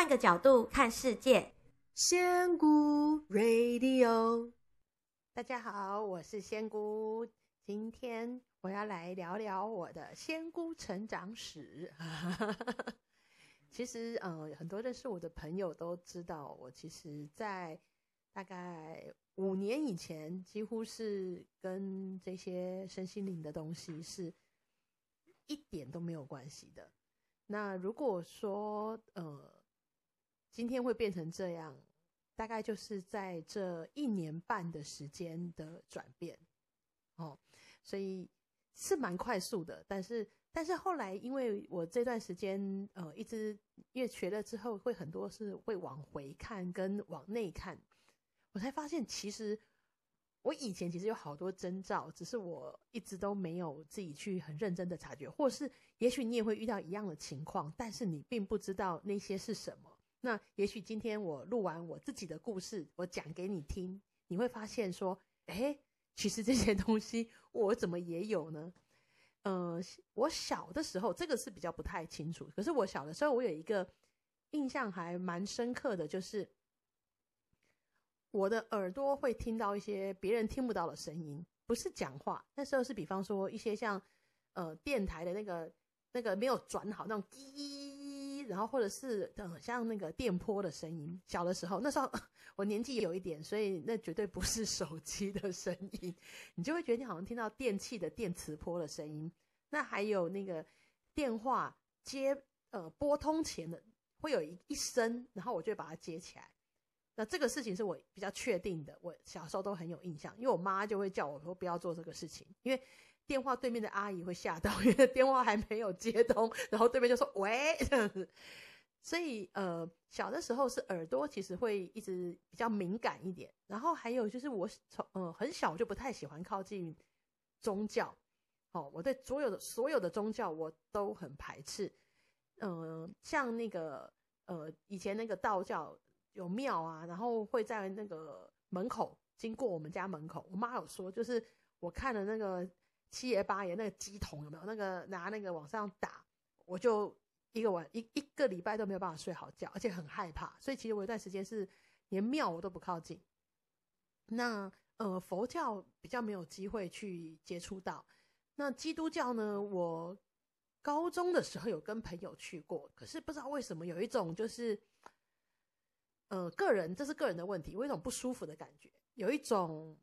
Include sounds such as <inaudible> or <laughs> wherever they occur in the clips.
換個角度看世界，仙姑 Radio，大家好，我是仙姑，今天我要來聊聊我的仙姑成長史。 <laughs> 其實，嗯、呃，很多認識我的朋友都知道，我其實，在大概五年以前，幾乎是跟這些身心靈的東西是一點都沒有關係的。那如果說，呃。今天會變成這樣，大概就是在這一年半的時間的轉變，哦，所以是蠻快速的。但是，但是後來因為我這段時間呃，一直因為學了之後，會很多是會往回看跟往內看，我才發現其實我以前其實有好多徵兆，只是我一直都沒有自己去很認真的察覺，或是也許你也會遇到一樣的情況，但是你並不知道那些是什麼。那也許今天我錄完我自己的故事，我講給你聽，你會發現說，哎、欸，其實這些東西我怎麼也有呢？呃，我小的時候這個是比較不太清楚，可是我小的時候我有一個印象還蠻深刻的，就是我的耳朵會聽到一些別人聽不到的聲音，不是講話，那時候是比方說一些像呃電台的那個那個沒有轉好那種滴。然後，或者是像那個電波的聲音。小的時候，那時候我年紀有一點，所以那絕對不是手機的聲音。你就會覺得你好像聽到電器的電磁波的聲音。那還有那個電話接呃撥通前的會有一一聲，然後我就會把它接起來。那這個事情是我比較確定的，我小時候都很有印象，因為我媽就會叫我說不要做這個事情，因為。電話對面的阿姨會嚇到，因為電話還沒有接通，然後對面就說“喂”， <laughs> 所以呃，小的時候是耳朵其實會一直比較敏感一點，然後還有就是我從呃很小我就不太喜歡靠近宗教，哦，我對所有的所有的宗教我都很排斥，嗯、呃，像那個呃以前那個道教有廟啊，然後會在那個門口經過我們家門口，我媽有說就是我看了那個。七爺八爺那個雞桶有沒有？那個拿那個往上打，我就一個晚一一個禮拜都沒有辦法睡好覺，而且很害怕。所以其實我有一段時間是連廟我都不靠近。那呃佛教比較沒有機會去接觸到。那基督教呢？我高中的時候有跟朋友去過，可是不知道為什麼有一種就是呃個人這是個人的問題，我有一種不舒服的感覺，有一種。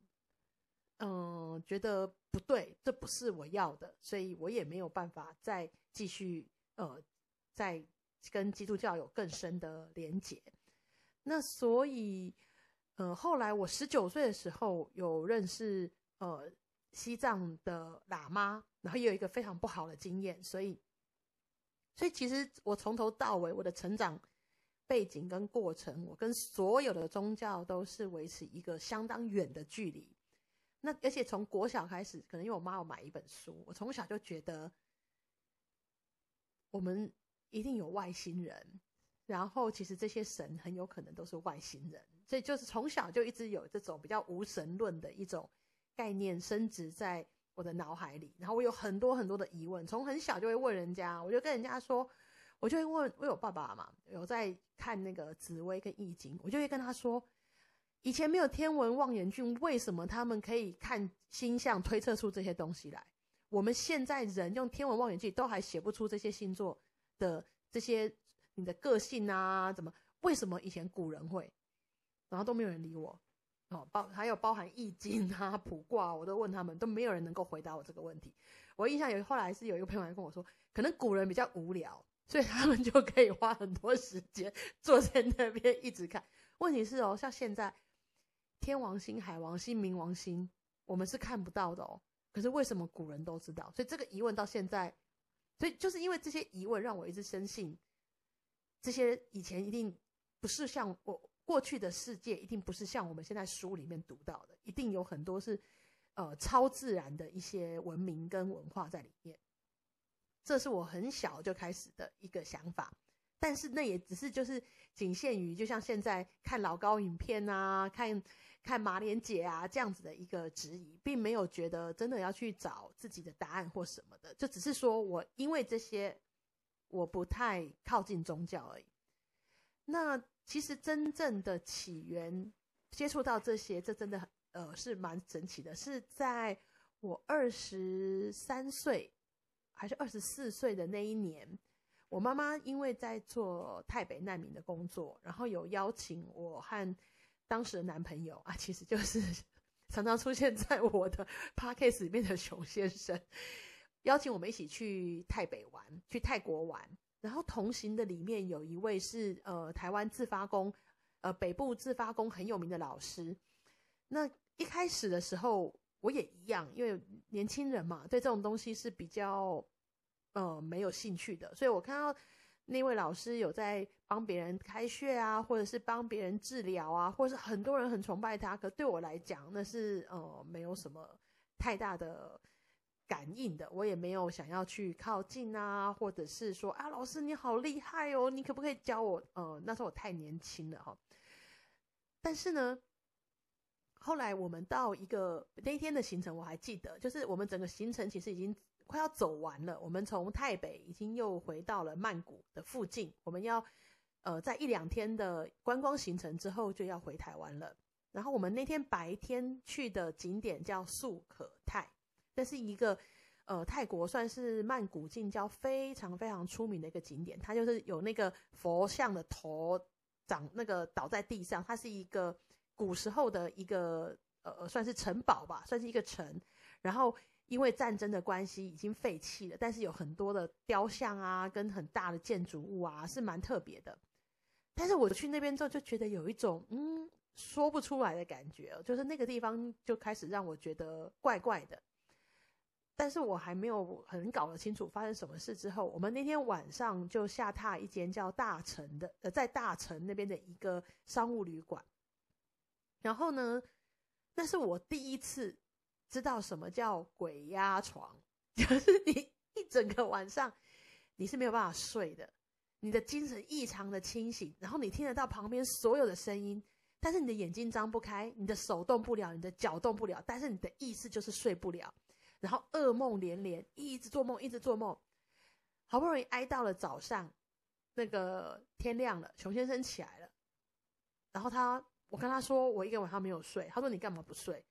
嗯、呃，覺得不對，這不是我要的，所以我也沒有辦法再繼續呃，再跟基督教有更深的連結。那所以，呃，後來我十九歲的時候有認識呃西藏的喇嘛，然後也有一個非常不好的經驗，所以，所以其實我從頭到尾我的成長背景跟過程，我跟所有的宗教都是維持一個相當遠的距離。那而且從國小開始，可能因為我媽有買一本書，我從小就覺得我們一定有外星人，然後其實這些神很有可能都是外星人，所以就是從小就一直有這種比較無神論的一種概念，升值在我的腦海裡。然後我有很多很多的疑問，從很小就會問人家，我就跟人家說，我就會問，我有爸爸嘛，有在看那個《紫微》跟《易經》，我就會跟他說。以前沒有天文望遠鏡，為什麼他們可以看星象推測出這些東西來？我們現在人用天文望遠鏡都還寫不出這些星座的這些你的個性啊？怎麼？為什麼以前古人會？然後都沒有人理我哦。包還有包含易經啊、卜卦，我都問他們，都沒有人能夠回答我這個問題。我印象有後來是有一個朋友還跟我說，可能古人比較無聊，所以他們就可以花很多時間坐在那邊一直看。問題是哦，像現在。天王星、海王星、冥王星，我們是看不到的哦。可是為什麼古人都知道？所以這個疑問到現在，所以就是因為這些疑問，讓我一直深信，這些以前一定不是像我過去的世界，一定不是像我們現在書裡面讀到的，一定有很多是呃超自然的一些文明跟文化在裡面。這是我很小就開始的一個想法，但是那也只是就是僅限於，就像現在看老高影片啊，看。看馬蓮姐啊，這樣子的一個質疑，並沒有覺得真的要去找自己的答案或什麼的，就只是說我因為這些，我不太靠近宗教而已。那其實真正的起源接觸到這些，這真的呃是蠻神奇的，是在我二十三歲還是二十四歲的那一年，我媽媽因為在做泰北難民的工作，然後有邀請我和。當時的男朋友啊，其實就是常常出現在我的 podcast 裡面的熊先生，邀請我們一起去台北玩，去泰國玩。然後同行的裡面有一位是呃台灣自發功，呃北部自發功很有名的老師。那一開始的時候我也一樣，因為年輕人嘛，對這種東西是比較呃沒有興趣的，所以我看到。那位老師有在幫別人開穴啊，或者是幫別人治療啊，或者是很多人很崇拜他。可對我來講，那是，呃，沒有什麼太大的感應的，我也沒有想要去靠近啊，或者是說啊，老師你好厲害哦，你可不可以教我？呃，那時候我太年輕了哈、哦。但是呢，後來我們到一個那一天的行程我還記得，就是我們整個行程其實已經。快要走完了，我們從泰北已經又回到了曼谷的附近。我們要，呃，在一兩天的觀光行程之後就要回台灣了。然後我們那天白天去的景點叫素可泰，那是一個，呃，泰國算是曼谷近郊非常非常出名的一個景點。它就是有那個佛像的頭長那個倒在地上，它是一個古時候的一個呃，算是城堡吧，算是一個城，然後。因為戰爭的關係已經廢棄了，但是有很多的雕像啊、跟很大的建築物啊是蠻特別的。但是我去那邊之後就覺得有一種嗯說不出來的感覺，就是那個地方就開始讓我覺得怪怪的。但是我還沒有很搞得清楚發生什麼事之後，我們那天晚上就下榻一間叫大城的，呃，在大城那邊的一個商務旅館。然後呢，那是我第一次。知道什麼叫鬼壓床，就是你一整個晚上你是沒有辦法睡的，你的精神異常的清醒，然後你聽得到旁邊所有的聲音，但是你的眼睛張不開，你的手動不了，你的腳動不了，但是你的意識就是睡不了，然後噩夢連連，一直做夢，一直做夢，好不容易挨到了早上，那個天亮了，熊先生起來了，然後他，我跟他說我一個晚上沒有睡，他說你幹嘛不睡？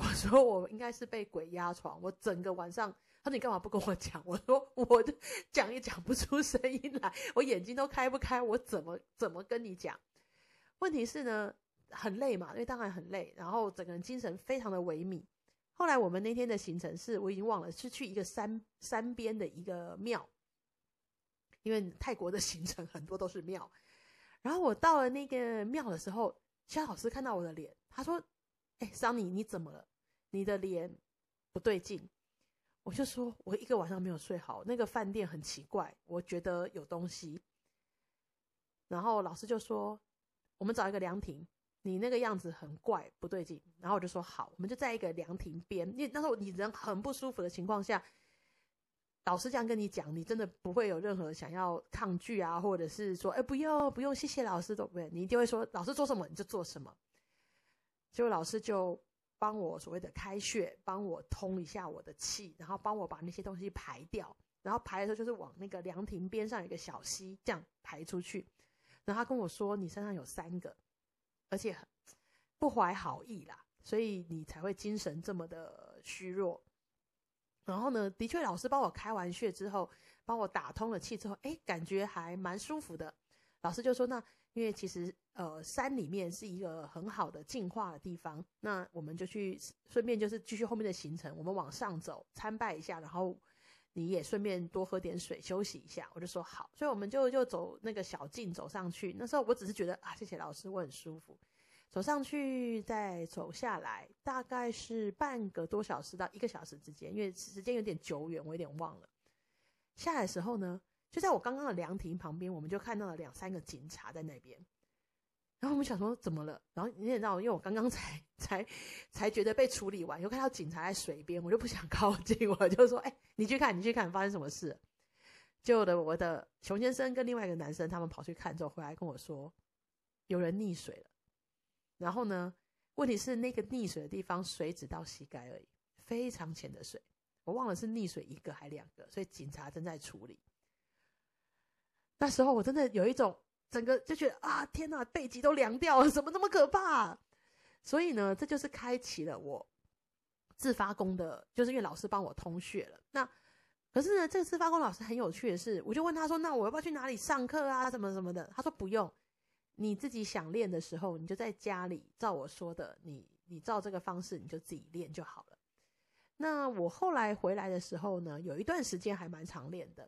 我說我應該是被鬼壓床，我整個晚上。他說你幹嘛不跟我講？我說我講也講不出聲音來，我眼睛都開不開，我怎麼怎麼跟你講？問題是呢，很累嘛，因為當然很累，然後整個人精神非常的萎靡。後來我們那天的行程是我已經忘了，是去一個山山邊的一個廟，因為泰國的行程很多都是廟。然後我到了那個廟的時候，肖老師看到我的臉，他說：“哎，桑尼，你怎麼了？”你的臉不對勁，我就說，我一個晚上沒有睡好，那個飯店很奇怪，我覺得有東西。然後老師就說，我們找一個涼亭，你那個樣子很怪，不對勁。然後我就說好，我們就在一個涼亭邊。因為那時候你人很不舒服的情況下，老師這樣跟你講，你真的不會有任何想要抗拒啊，或者是說，哎，不用不用，謝謝老師對不對？你一定會說，老師做什麼你就做什麼。結果老師就。幫我所謂的開穴，幫我通一下我的氣，然後幫我把那些東西排掉，然後排的時候就是往那個涼亭邊上有一個小溪，這樣排出去。然後他跟我說，你身上有三個，而且很不懷好意啦，所以你才會精神這麼的虛弱。然後呢，的確，老師幫我開完穴之後，幫我打通了氣之後，哎，感覺還蠻舒服的。老師就說，那。因為其實，呃，山裡面是一個很好的淨化的地方。那我們就去，順便就是繼續後面的行程，我們往上走，參拜一下，然後你也順便多喝點水，休息一下。我就說好，所以我們就就走那個小徑走上去。那時候我只是覺得啊，謝謝老師，我很舒服。走上去再走下來，大概是半個多小時到一個小時之間，因為時間有點久遠，我有點忘了。下來的時候呢，就在我剛剛的涼亭旁邊，我們就看到了兩三個警察在那邊。然後我們想說怎麼了？然後你也知道，因為我剛剛才才才覺得被處理完，又看到警察在水邊，我就不想靠近我，我就說：“哎、欸，你去看，你去看，發生什麼事？”就的我的熊先生跟另外一個男生，他們跑去看之後回來跟我說，有人溺水了。然後呢，問題是那個溺水的地方水只到膝蓋而已，非常淺的水。我忘了是溺水一個還兩個，所以警察正在處理。那時候我真的有一種整個就覺得啊，天哪，背脊都涼掉了，怎麼這麼可怕啊？所以呢，這就是開啟了我自發功的，就是因為老師幫我通穴了。那可是呢，這個自發功老師很有趣的是，我就問他說：“那我要不要去哪裡上課啊？什麼什麼的？”他說：“不用，你自己想練的時候，你就在家裡照我說的，你你照這個方式，你就自己練就好了。”那我後來回來的時候呢，有一段時間還蠻常練的。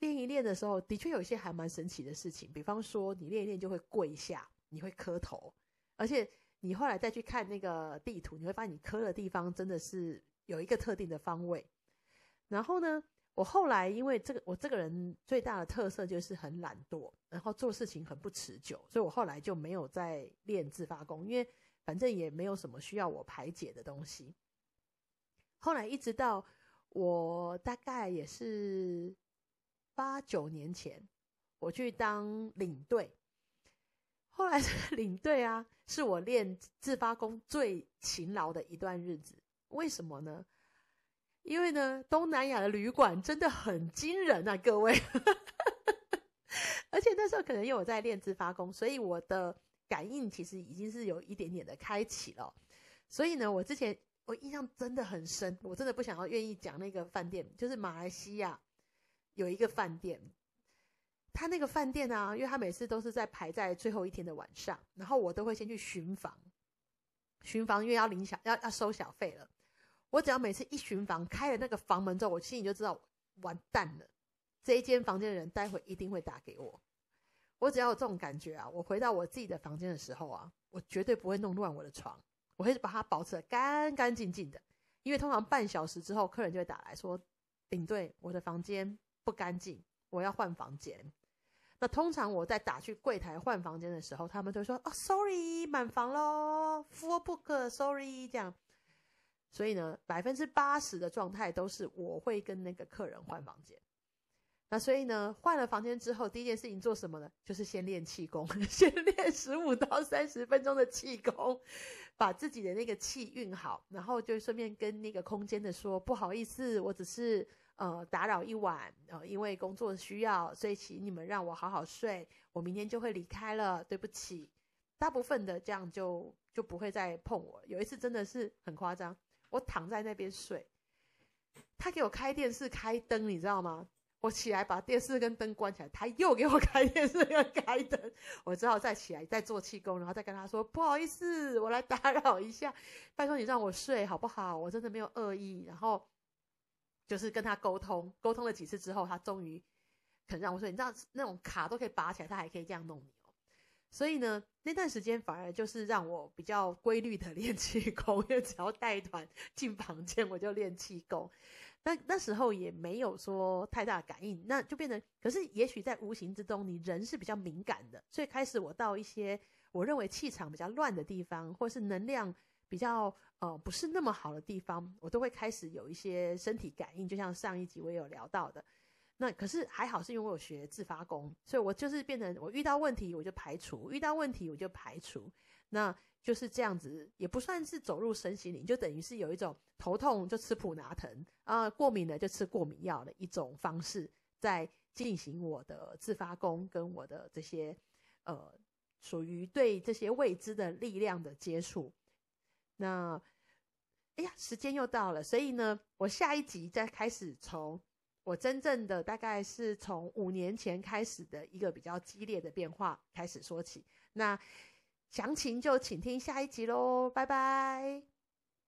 練一練的時候，的確有一些還蠻神奇的事情，比方說你練一練就會跪下，你會磕頭，而且你後來再去看那個地圖，你會發現你磕的地方真的是有一個特定的方位。然後呢，我後來因為這個，我這個人最大的特色就是很懶惰，然後做事情很不持久，所以我後來就沒有再練自發功，因為反正也沒有什麼需要我排解的東西。後來一直到我大概也是。八九年前，我去當領隊，後來這個領隊啊，是我練自發功最勤勞的一段日子。為什麼呢？因為呢，東南亞的旅館真的很驚人啊，各位！ <laughs> 而且那時候可能因為我在練自發功，所以我的感應其實已經是有一點點的開啟了哦。所以呢，我之前我印象真的很深，我真的不想要願意講那個飯店，就是馬來西亞。有一個飯店，他那個飯店呢、啊，因為他每次都是在排在最後一天的晚上，然後我都會先去巡房，巡房因為要領小要要收小費了。我只要每次一巡房開了那個房門之後，我心裡就知道完蛋了，這一間房間的人待會一定會打給我。我只要有這種感覺啊，我回到我自己的房間的時候啊，我絕對不會弄亂我的床，我會把它保持得乾乾淨淨的，因為通常半小時之後客人就會打來說，領隊我的房間不乾淨，我要換房間。那通常我在打去櫃檯換房間的時候，他們就說：「啊，sorry，滿房咯，full book，sorry，這樣。所以呢，百分之八十的狀態都是我會跟那個客人換房間。那所以呢，換了房間之後，第一件事情做什麼呢？就是先練氣功，先練十五到三十分鐘的氣功，把自己的那個氣運好，然後就順便跟那個空間的說：“不好意思，我只是。”呃，打擾一晚，呃，因為工作需要，所以請你們讓我好好睡。我明天就會離開了，對不起。大部分的這樣就就不會再碰我。有一次真的是很誇張，我躺在那邊睡，他給我開電視、開燈，你知道嗎？我起來把電視跟燈關起來，他又給我開電視跟開燈，我只好再起來再做氣功，然後再跟他說不好意思，我來打擾一下，拜托你讓我睡好不好？我真的沒有惡意，然後。就是跟他溝通，溝通了幾次之後，他終於肯讓我說，你知道那種卡都可以拔起來，他還可以這樣弄你哦。所以呢，那段時間反而就是讓我比較規律的練氣功，因為只要帶團進房間，我就練氣功。但那，那時候也沒有說太大的感應，那就變成，可是也許在無形之中，你人是比較敏感的，所以開始我到一些我認為氣場比較亂的地方，或是能量。比較呃、不是那麼好的地方，我都會開始有一些身體感應，就像上一集我有聊到的。那可是還好，是因為我有學自發功，所以我就是變成我遇到問題我就排除，遇到問題我就排除。那就是這樣子，也不算是走入身心靈，就等於是有一種頭痛就吃普拿疼啊，過敏了就吃過敏藥的一種方式，在進行我的自發功跟我的這些呃、屬於對這些未知的力量的接觸。那，哎呀，時間又到了，所以呢，我下一集再開始從我真正的大概是從五年前開始的一個比較激烈的變化開始說起。那詳情就請聽下一集嘍，拜拜。